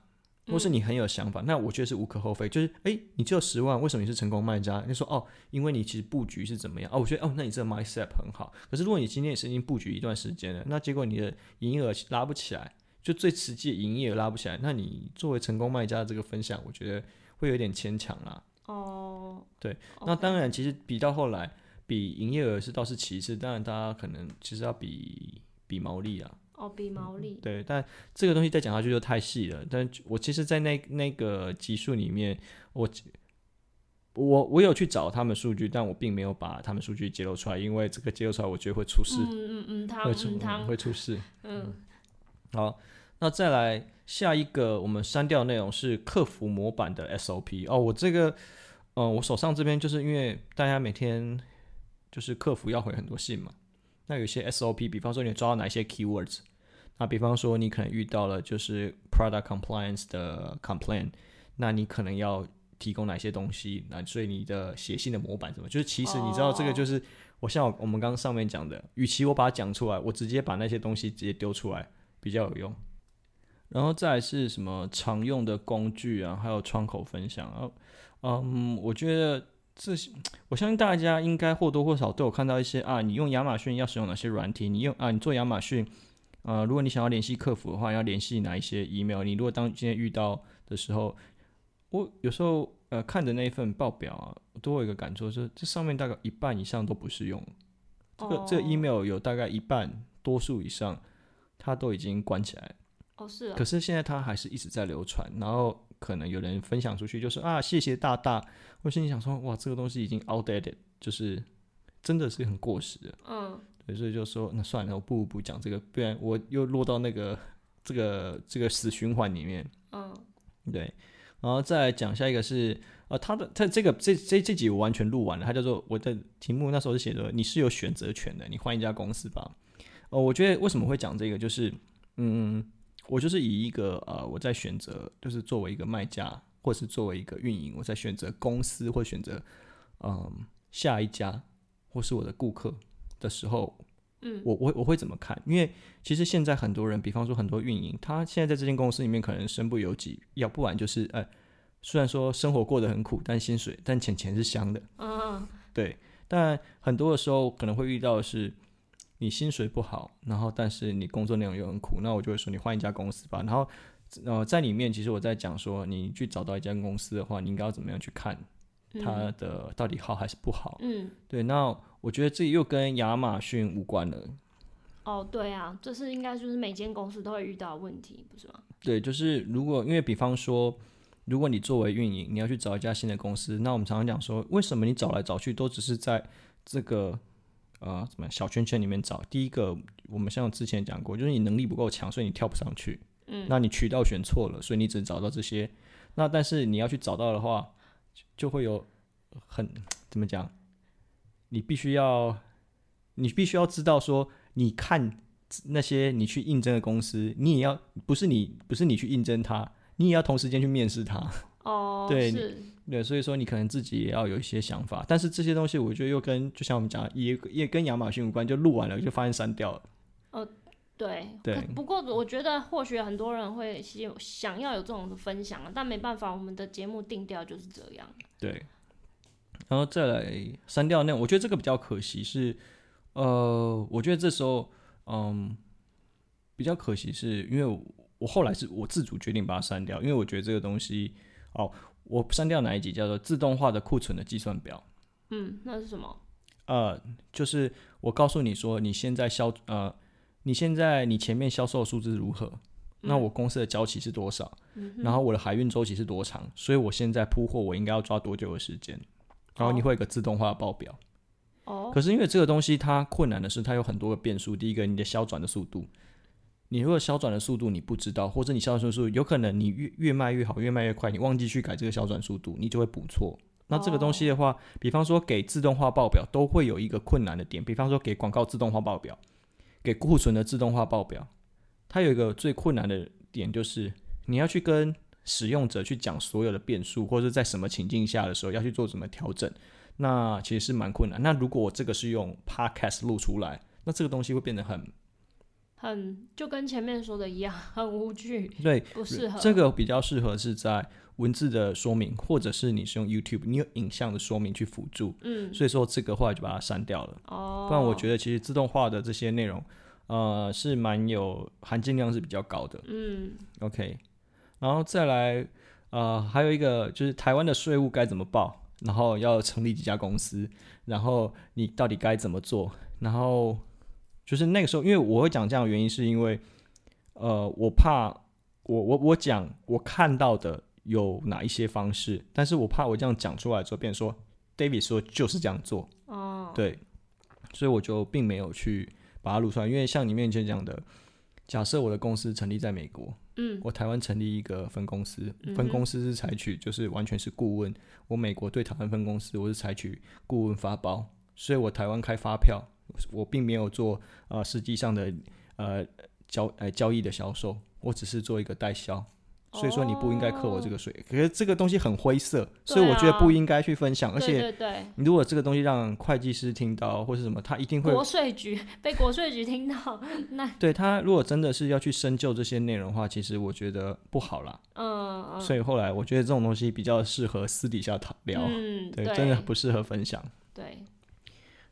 或是你很有想法，那我覺得是無可厚非。就是，哎，你只有十萬，為什麼你是成功賣家？你說，哦，因為你其實布局是怎麼樣？哦，我覺得，哦，那你這個 mindset 很好。可是，如果你今天也是已經布局一段時間了，那結果你的營業額拉不起來，就最直接營業額拉不起來，那你作為成功賣家的這個分享，我覺得會有點牽強啦、啊。哦、oh,，對，okay. 那當然，其實比到後來，比營業額是倒是其次，當然大家可能其實要比比毛利啊。哦，比毛利，嗯、對，但這個東西再講下去就太細了。但我其實，在那那個集數裡面，我我我有去找他們數據，但我並沒有把他們數據揭露出來，因為這個揭露出來，我覺得會出事。嗯嗯嗯，他會、嗯、會出事，會出事。嗯，好，那再來下一個，我們刪掉的內容是客服模板的 SOP 哦。我這個，嗯、呃，我手上這邊就是因為大家每天就是客服要回很多信嘛。那有些 SOP，比方說你抓到哪些 keywords，那比方說你可能遇到了就是 product compliance 的 complaint，那你可能要提供哪些東西？那所以你的寫信的模板怎麼，就是其實你知道這個就是、哦、我像我們剛剛上面講的，與其我把它講出來，我直接把那些東西直接丟出來比較有用。然後再來是什麼常用的工具啊，還有窗口分享啊，嗯，我覺得。這些，我相信大家應該或多或少都有看到一些啊。你用亞馬遜要使用哪些軟體？你用啊，你做亞馬遜啊、呃，如果你想要聯繫客服的話，要聯繫哪一些 email？你如果當今天遇到的時候，我有時候呃看的那一份報表啊，我都會有一個感觸，就是，是這上面大概一半以上都不適用。這個、哦、這個 email 有大概一半，多數以上它都已經關起來。哦、是、啊。可是現在它還是一直在流傳，然後。可能有人分享出去，就是啊，謝謝大大。我心裡想說，哇，這個東西已經 outdated，就是真的是很過時的。嗯，對，所以就說那算了，我不不講這個，不然我又落到那個這個這個死循環裡面。嗯，對。然後再講下一個是啊、呃，他的他這個這這這集我完全錄完了。他叫做我的題目那時候是寫着你是有選擇權的，你換一家公司吧。哦、呃，我覺得為什麼會講這個，就是嗯。我就是以一個呃，我在選擇，就是作為一個賣家，或是作為一個運營，我在選擇公司或選擇，嗯、呃，下一家或是我的顧客的時候，嗯，我我我會怎麼看？因為其實現在很多人，比方說很多運營，他現在在這間公司裡面可能身不由己，要不然就是呃，雖然說生活過得很苦，但薪水但錢錢是香的，嗯、哦，對。但很多的時候可能會遇到的是。你薪水不好，然後但是你工作內容又很苦，那我就會說你換一家公司吧。然後，呃，在裡面其實我在講說，你去找到一家公司的話，你應該要怎麼樣去看它的到底好還是不好？嗯，嗯對。那我覺得這又跟亞馬遜無關了。哦，對啊，這是應該就是每間公司都會遇到問題，不是嗎？對，就是如果因為比方說，如果你作為運營，你要去找一家新的公司，那我們常常講說，為什麼你找來找去都只是在這個。呃，什麼小圈圈裡面找第一個？我們像之前講過，就是你能力不夠強，所以你跳不上去。嗯，那你渠道選錯了，所以你只找到這些。那但是你要去找到的話，就，就會有很怎麼講？你必須要，你必須要知道說，你看那些你去應徵的公司，你也要不是你不是你去應徵他，你也要同時間去面試他。哦、oh，對，對，所以說你可能自己也要有一些想法，但是這些東西我覺得又跟就像我們講，也也跟亞馬遜有關，就錄完了、嗯、就發現刪掉了。Oh, 對，對。不過我覺得或許很多人會想要有這種分享，但沒辦法，我們的節目定調就是這樣。對，然後再來刪掉那，我覺得這個比較可惜是，呃，我覺得這時候，嗯、呃，比較可惜是因為我，我後來是我自主決定把它刪掉，因為我覺得這個東西。哦，我刪掉哪一集叫做“自動化的庫存的計算表”？嗯，那是什麼？呃，就是我告訴你說，你現在銷，呃，你現在你前面銷售數字如何、嗯？那我公司的交期是多少？嗯、然後我的海運週期是多長？所以我現在鋪貨，我應該要抓多久的時間？然後你會有一個自動化的報表。哦，可是因為這個東西它困難的是，它有很多個變數。第一個，你的銷轉的速度。你如果消轉的速度你不知道，或者你消轉的速度有可能你越越賣越好，越賣越快，你忘記去改這個消轉速度，你就會補錯。那這個東西的話，比方說給自動化報表都會有一個困難的點，比方說給廣告自動化報表，給庫存的自動化報表，它有一個最困難的點就是你要去跟使用者去講所有的變數，或者在什麼情境下的時候要去做什麼調整，那其實是蠻困難。那如果我這個是用 Podcast 錄出來，那這個東西會變得很。很就跟前面說的一樣，很無懼。對，不適合。這個比較適合是在文字的說明，或者是你是用 YouTube、你有影像的說明去輔助。嗯，所以說這個話就把它刪掉了。哦，不然我覺得其實自動化的這些內容，呃，是蠻有含金量是比較高的。嗯，OK，然後再來，呃，還有一個就是台灣的稅務該怎麼報，然後要成立幾家公司，然後你到底該怎麼做，然後。就是那個時候，因為我會講這樣的原因，是因為，呃，我怕我我我講我看到的有哪一些方式，但是我怕我這樣講出來之後，變成說 David 說就是這樣做，哦，對，所以我就並沒有去把它錄出來，因為像你面前講的，假設我的公司成立在美國，嗯，我台灣成立一個分公司，分公司是採取就是完全是顧問，嗯嗯，我美國對台灣分公司我是採取顧問發包，所以我台灣開發票。我並沒有做啊、呃，實際上的呃交呃交易的銷售，我只是做一個代銷、哦，所以說你不應該扣我這個稅。可是這個東西很灰色，啊、所以我覺得不應該去分享。而且，你如果這個東西讓會計師聽到或是什麼，他一定會國稅局被國稅局聽到。那 [LAUGHS] 對，他如果真的是要去深究這些內容的話，其實我覺得不好啦。嗯，所以後來我覺得這種東西比較適合私底下聊，嗯、對，對，對，真的不適合分享。對。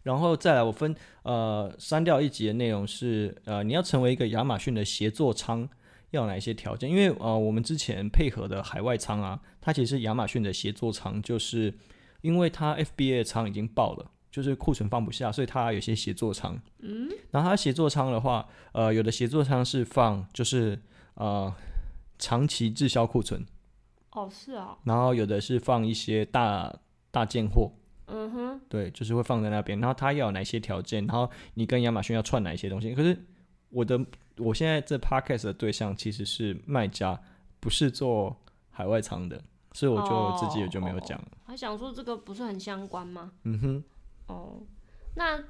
然後再來，我分呃刪掉一集的內容是呃，你要成為一個亞馬遜的協作倉，要哪一些條件？因為呃，我們之前配合的海外倉啊，它其實是亞馬遜的協作倉，就是因為它 FBA 倉已經爆了，就是庫存放不下，所以它有些協作倉。嗯，然後它協作倉的話，呃，有的協作倉是放就是呃長期滯銷庫存。哦，是啊。然後有的是放一些大大件貨。嗯哼，對，就是會放在那邊，然後他要有哪些條件，然後你跟亞馬遜要串哪一些東西。可是我的我現在這 podcast 的對象其實是賣家，不是做海外倉的，所以我就、哦、我自己也就沒有講了、哦。還想說這個不是很相關嗎？嗯哼，哦，那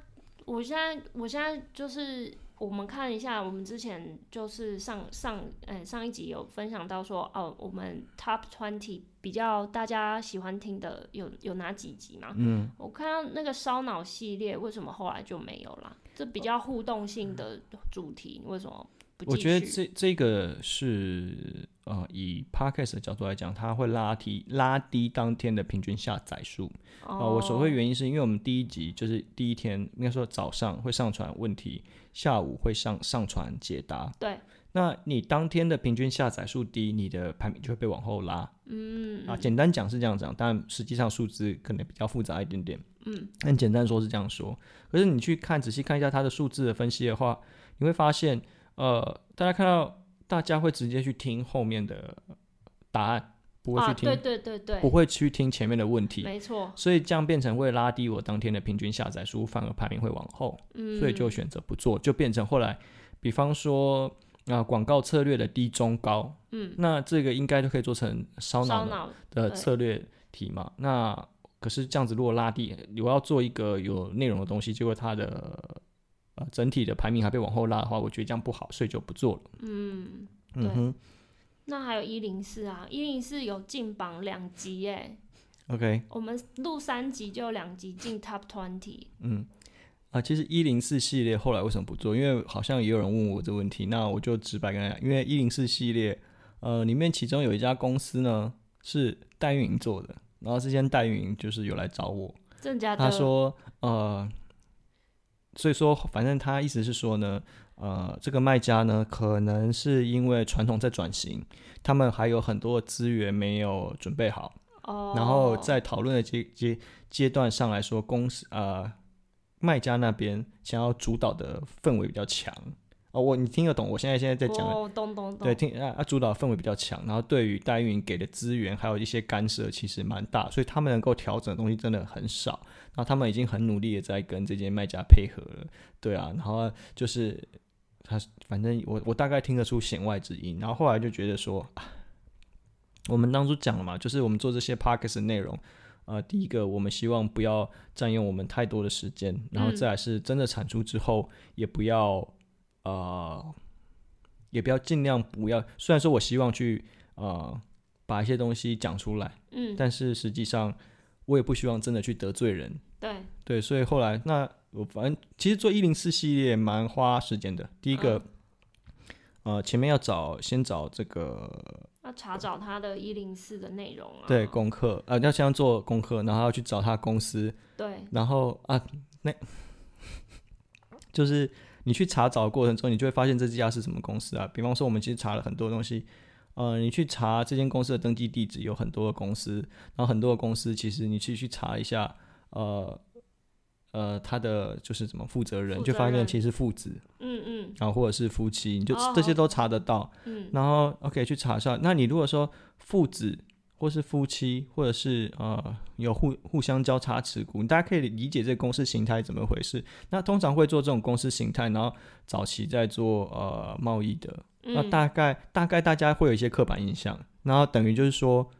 我現在我現在就是。我們看一下，我們之前就是上上，哎、欸，上一集有分享到說，哦、啊，我們 top twenty 比較大家喜歡聽的有有哪幾集嘛？嗯，我看到那個燒腦系列，為什麼後來就沒有了？這比較互動性的主題，嗯、為什麼不繼續？我覺得這這個是。呃，以 podcast 的角度來講，它會拉低拉低當天的平均下載數。啊、oh. 呃，我所謂的原因是因為我們第一集就是第一天應該說早上會上傳問題，下午會上上傳解答。對，那你當天的平均下載數低，你的排名就會被往後拉。嗯啊，簡單講是這樣講，但實際上數字可能比較複雜一點點。嗯，很簡單說是這樣說，可是你去看仔細看一下它的數字的分析的話，你會發現，呃，大家看到。大家會直接去聽後面的答案，不會去聽，啊、對對對對，不會去聽前面的問題，沒錯。所以這樣變成會拉低我當天的平均下載數，反而排名會往後。嗯，所以就選擇不做、嗯，就變成後來，比方說啊、呃、廣告策略的低中高，嗯，那這個應該就可以做成燒腦的燒腦、呃、策略題嘛。那可是這樣子如果拉低，我要做一個有內容的東西，結果它的。啊，整體的排名還被往後拉的話，我覺得這樣不好，所以就不做了。嗯，嗯哼，對，那還有一零四啊，一零四有進榜兩集耶。OK。我們錄三集就兩集進 Top Twenty。嗯。啊，其實一零四系列後來為什麼不做？因為好像也有人問我這問題，那我就直白跟他講，因為一零四系列，呃，裡面其中有一家公司呢是代運營做的，然後之前代運營就是有來找我，家他說，呃。所以說，反正他意思是說呢，呃，這個賣家呢，可能是因為傳統在轉型，他們還有很多資源沒有準備好，哦，然後在討論的階階階段上來說，公司呃，賣家那邊想要主導的氛圍比較強。哦，我你聽得懂？我現在現在在講的，懂懂懂。對，聽啊啊，主導氛圍比較強，然後對於代運營給的資源還有一些干涉，其實蠻大，所以他們能夠調整的東西真的很少。然後他們已經很努力的在跟這些賣家配合了，對啊。然後就是他，反正我我大概聽得出弦外之音。然後後來就覺得說，啊、我們當初講了嘛，就是我們做這些 podcast 的內容，呃，第一個我們希望不要占用我們太多的時間，然後再來是真的產出之後也不要、嗯。呃，也不要盡量不要。雖然說我希望去呃把一些東西講出來，嗯，但是實際上我也不希望真的去得罪人。對對，所以後來那我反正其實做104系列蠻花時間的。第一個，嗯，呃，前面要找先找這個，要查找他的104的內容啊。對，功課呃要先做功課，然後要去找他公司。對，然後啊那 [LAUGHS] 就是。你去查找的過程中，你就會發現這家是什麼公司啊？比方說，我們其實查了很多東西，呃，你去查這間公司的登記地址，有很多的公司，然後很多的公司其實你去去查一下，呃，呃，他的就是什麼負責人，責人就發現其實是父子，嗯嗯，然後或者是夫妻，你就這些都查得到。哦、嗯，然後 OK 去查一下，那你如果說父子。或是夫妻，或者是呃有互互相交叉持股，大家可以理解這個公司形態怎麼回事。那通常會做這種公司形態，然後早期在做呃貿易的。那大概，嗯、大概大家會有一些刻板印象，然後等於就是說，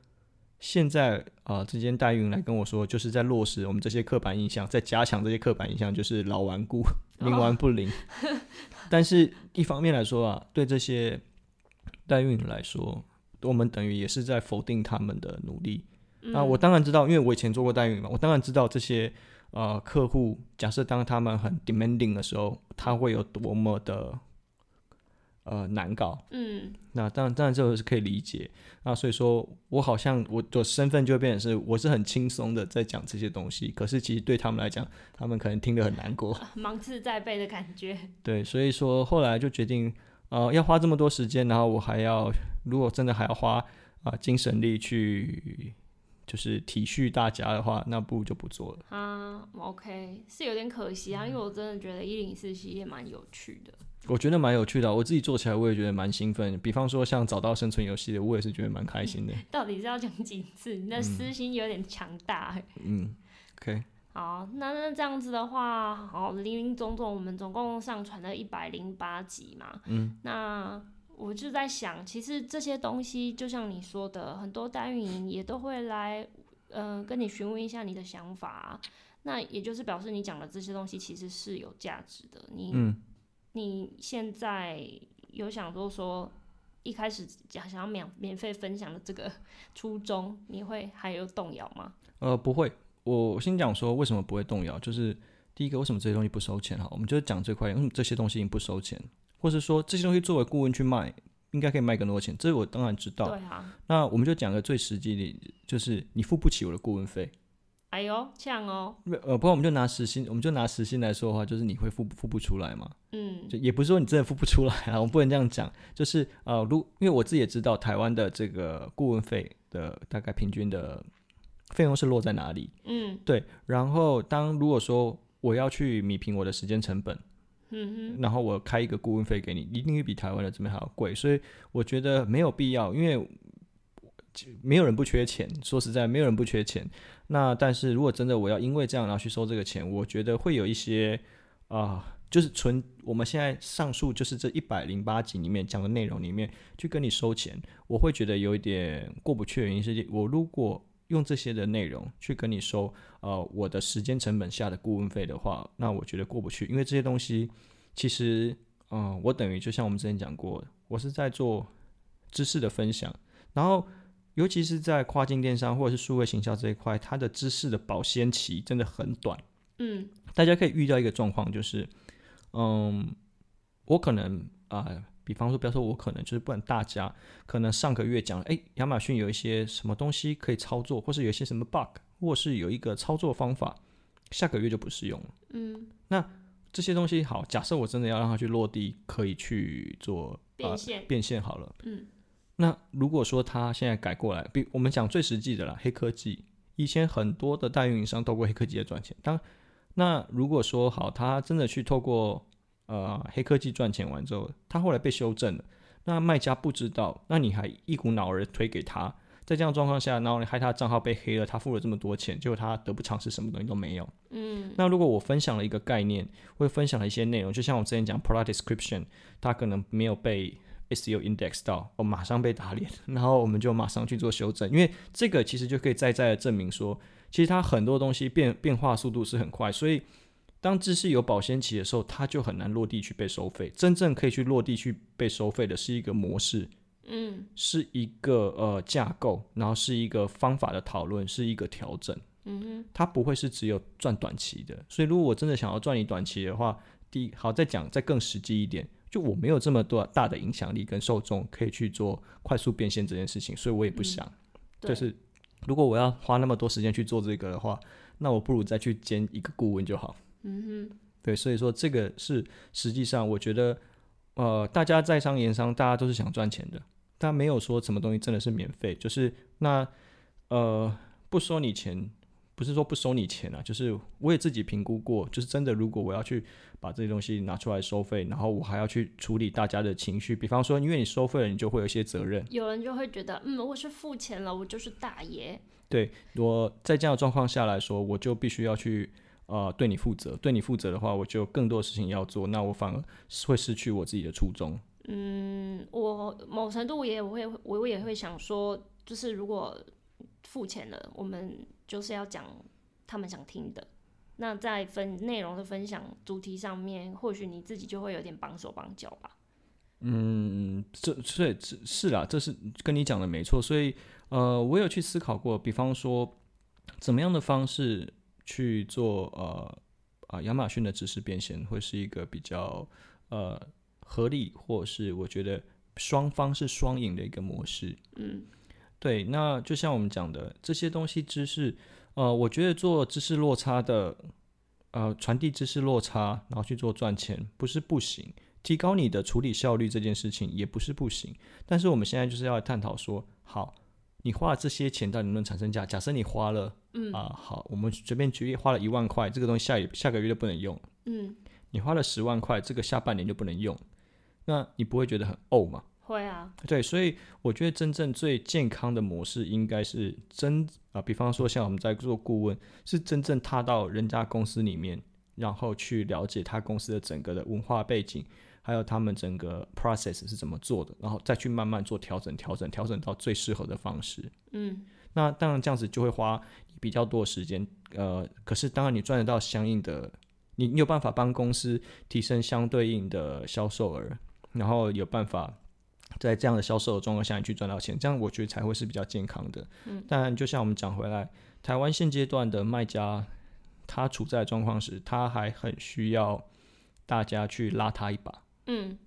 現在啊，之，呃、間代運營來跟我說，就是在落實我們這些刻板印象，在加強這些刻板印象，就是老頑固、冥，哦、頑不靈。 [LAUGHS] 但是，一方面來說啊，對這些代運營來說，我們等於也是在否定他們的努力、嗯。那我當然知道，因為我以前做過代理嘛，我當然知道這些呃客戶。假設當他們很 demanding 的時候，他會有多麼的呃難搞。嗯。那當然，當然這個是可以理解。那所以說，我好像我的身份就會變成是我是很輕鬆的在講這些東西，可是其實對他們來講，他們可能聽得很難過，芒刺在背的感覺。對，所以說後來就決定呃要花這麼多時間，然後我還要。如果真的還要花啊、呃、精神力去，就是體恤大家的話，那不如就不做了啊。OK，是有點可惜啊。嗯、因為我真的覺得一零四系列也蠻有趣的。我覺得蠻有趣的、啊，我自己做起來我也覺得蠻興奮。比方說像找到生存遊戲的，我也是覺得蠻開心的、嗯。到底是要講幾次？那私心有點強大。嗯，OK。好，那那這樣子的話，好，林林總總，我們總共上傳了一百零八集嘛。嗯，那。我就在想，其實這些東西就像你說的，很多代運營也都會來，嗯、呃，跟你詢問一下你的想法。那也就是表示你講的這些東西其實是有價值的。你、嗯、你現在有想說，說一開始想想要免免費分享的這個初衷，你會還有動搖嗎？呃，不會。我先講說為什麼不會動搖，就是第一個為什麼這些東西不收錢哈，我們就講這塊，為什麼這些東西已經不收錢。或是說這些東西作為顧問去賣，應該可以賣個多少錢？這我當然知道。對啊。那我們就講個最實際的，就是你付不起我的顧問費。哎呦，這樣哦。呃，不過我們就拿時薪，我們就拿時薪來說的話，就是你會付不付不出來嘛。嗯。就也不是說你真的付不出來啊，我們不能這樣講。就是呃，如因為我自己也知道台灣的這個顧問費的大概平均的費用是落在哪裡。嗯。對。然後當如果說我要去米平我的時間成本，嗯哼，然後我開一個顧問費給你，一定會比台灣的這邊還要貴，所以我覺得沒有必要，因為沒有人不缺錢，說實在，沒有人不缺錢。那但是如果真的我要因為這樣然後去收這個錢，我覺得會有一些啊，就是純我們現在上述就是這一百零八集裡面講的內容裡面去跟你收錢，我會覺得有一點過不去的原因是，我如果。用這些的內容去跟你收，呃，我的時間成本下的顧問費的話，那我覺得過不去，因為這些東西其實，嗯、呃，我等於就像我們之前講過，我是在做知識的分享，然後尤其是在跨境電商或者是數位行銷這一塊，它的知識的保鮮期真的很短，嗯，大家可以遇到一個狀況就是，嗯、呃，我可能啊。呃比方說，不要說，我可能就是，不管大家可能上個月講，哎、欸，亞馬遜有一些什麼東西可以操作，或是有一些什麼 bug，或是有一個操作方法，下個月就不適用了。嗯，那這些東西好，假設我真的要讓它去落地，可以去做、呃、變現，變現好了。嗯，那如果說它現在改過來，比我們講最實際的了，黑科技，以前很多的代運營商透過黑科技的賺錢。但那如果說好，它真的去透過呃，黑科技賺錢完之後，他後來被修正了。那賣家不知道，那你還一股腦兒推給他，在這樣狀況下，然後你害他賬號被黑了，他付了這麼多錢，結果他得不償失，什麼東西都沒有。嗯。那如果我分享了一個概念，我分享了一些內容，就像我之前講 product description，他可能沒有被 SEO index 到，我、哦、馬上被打臉，然後我們就馬上去做修正，因為這個其實就可以再再的證明說，其實它很多東西變變化速度是很快，所以。當知識有保鮮期的時候，它就很難落地去被收費。真正可以去落地去被收費的是一個模式，嗯，是一個呃架構，然後是一個方法的討論，是一個調整，嗯，它不會是只有賺短期的。所以，如果我真的想要賺你短期的話，第一，好，再講再更實際一點，就我沒有這麼多大的影響力跟受眾可以去做快速變現這件事情，所以我也不想，嗯、就是如果我要花那麼多時間去做這個的話，那我不如再去兼一個顧問就好。嗯哼，對，所以說這個是實際上，我覺得，呃，大家在商言商，大家都是想賺錢的，但沒有說什麼東西真的是免費，就是那，呃，不收你錢，不是說不收你錢啊，就是我也自己評估過，就是真的，如果我要去把這些東西拿出來收費，然後我還要去處理大家的情緒，比方說，因為你收費了，你就會有一些責任，嗯，有人就會覺得，嗯，我是付錢了，我就是大爺，對，我在這樣的狀況下來說，我就必須要去。呃，對你負責，對你負責的話，我就更多事情要做，那我反而會失去我自己的初衷。嗯，我某程度也會，我我也會想說，就是如果付錢了，我們就是要講他們想聽的。那在分內容的分享主題上面，或許你自己就會有點綁手綁腳吧。嗯，這所以是是啦，這是跟你講的沒錯。所以呃，我有去思考過，比方說怎麼樣的方式。去做呃啊，亞馬遜的知識變現會是一個比較呃合理，或是我覺得雙方是雙贏的一個模式。嗯，對。那就像我們講的這些東西知識，呃，我覺得做知識落差的呃傳遞知識落差，然後去做賺錢不是不行，提高你的處理效率這件事情也不是不行。但是我們現在就是要探討說，好，你花了這些錢到底能不能產生價，假設你花了。嗯啊，好，我們隨便舉例，花了一萬塊，這個東西下下個月就不能用。嗯，你花了十萬塊，這個下半年就不能用，那你不會覺得很嘔嗎？會啊。對，所以我覺得真正最健康的模式應該是真啊、呃，比方說像我們在做顧問，是真正踏到人家公司裡面，然後去了解他公司的整個的文化背景，還有他們整個 process 是怎麼做的，然後再去慢慢做調整、調整、調整到最適合的方式。嗯。那當然，這樣子就會花比較多的時間，呃，可是當然你賺得到相應的，你你有辦法幫公司提升相對應的銷售額，然後有辦法在這樣的銷售額狀況下你去賺到錢，這樣我覺得才會是比較健康的。嗯。但就像我們講回來，台灣現階段的賣家，他處在狀況時，他還很需要大家去拉他一把。嗯，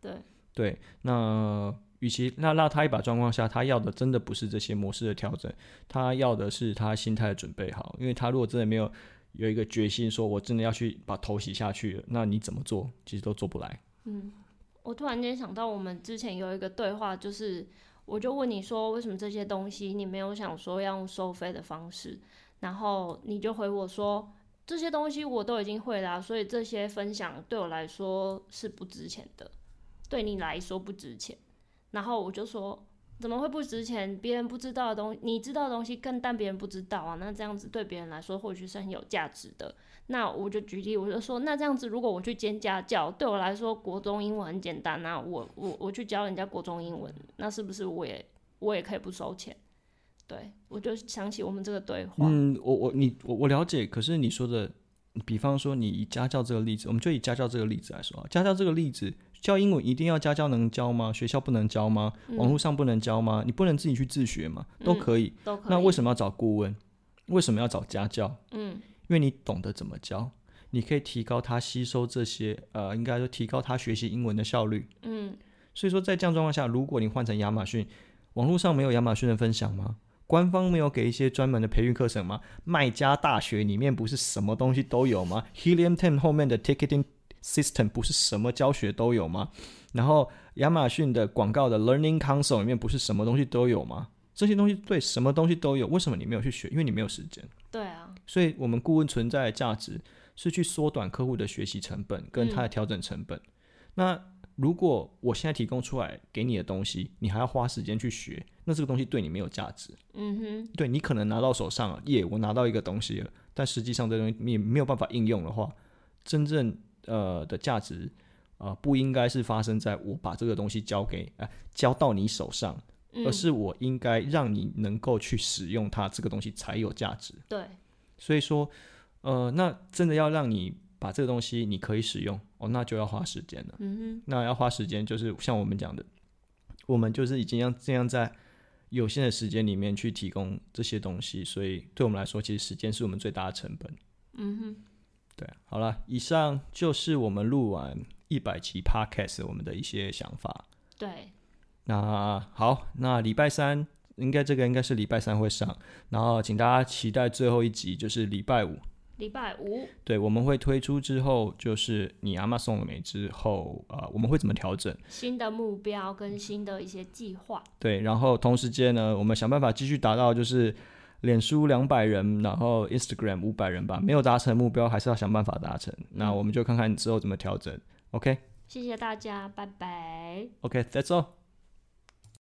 對。對，那。與其那，那他一把，狀況下他要的真的不是這些模式的調整，他要的是他心態的準備好。因為他如果真的沒有有一個決心，說我真的要去把頭洗下去了，那你怎麼做其實都做不來。嗯，我突然間想到，我們之前有一個對話，就是我就問你說，為什麼這些東西你沒有想說要用收費的方式？然後你就回我說，這些東西我都已經會啦、啊，所以這些分享對我來說是不值錢的，對你來說不值錢。然後我就說，怎麼會不值錢？別人不知道的東西，你知道的東西更，但別人不知道啊。那這樣子對別人來說，或許是很有價值的。那我就舉例，我就說，那這樣子如果我去兼家教，對我來說國中英文很簡單，那我我我去教人家國中英文，那是不是我也我也可以不收錢？對我就想起我們這個對話。嗯，我我你我我了解。可是你說的，比方說你以家教這個例子，我們就以家教這個例子來說啊，家教這個例子。教英文一定要家教能教嗎？學校不能教嗎？網絡上不能教嗎？嗯，你不能自己去自學嗎？都、嗯，都可以。那為什麼要找顧問？為什麼要找家教？嗯，因為你懂得怎麼教，你可以提高他吸收這些，呃，應該說提高他學習英文的效率。嗯，所以說在這樣狀況下，如果你換成亞馬遜，網絡上沒有亞馬遜的分享嗎？官方沒有給一些專門的培訓課程嗎？賣家大學裡面不是什麼東西都有嗎？Helium Ten 後面的 Ticketing。 [LAUGHS] [LAUGHS] System 不是什麼教學都有嗎？然後亞馬遜的廣告的 Learning Console 裡面不是什麼東西都有嗎？這些東西對什麼東西都有，為什麼你沒有去學？因為你沒有時間。對啊，所以我們顧問存在的價值是去縮短客戶的學習成本跟他的調整成本。嗯。那如果我現在提供出來給你的東西，你還要花時間去學，那這個東西對你沒有價值。嗯哼，對你可能拿到手上，耶，我拿到一個東西，但實際上這東西你沒有辦法應用的話，真正。呃，的價值啊、呃，不應該是發生在我把這個東西交給、呃、交到你手上，嗯、而是我應該讓你能夠去使用它，這個東西才有價值。對，所以說，呃，那真的要讓你把這個東西你可以使用哦，那就要花時間了。嗯哼，那要花時間，就是像我們講的，我們就是已經要這樣在有限的時間裡面去提供這些東西，所以對我們來說，其實時間是我們最大的成本。嗯哼。對，好了，以上就是我們錄完一百集 podcast 我們的一些想法。對，那好，那禮拜三應該這個應該是禮拜三會上，然後請大家期待最後一集，就是禮拜五。禮拜五？對，我們會推出之後，就是你阿嬤鬆了沒之後，呃，我們會怎麼調整？新的目標跟新的一些計劃。對，然後同時間呢，我們想辦法繼續達到就是。臉書兩百人，然後 Instagram 五百人吧，沒有達成目標，還是要想辦法達成。嗯、那我們就看看你之後怎麼調整。OK，謝謝大家，拜拜。OK，that's all。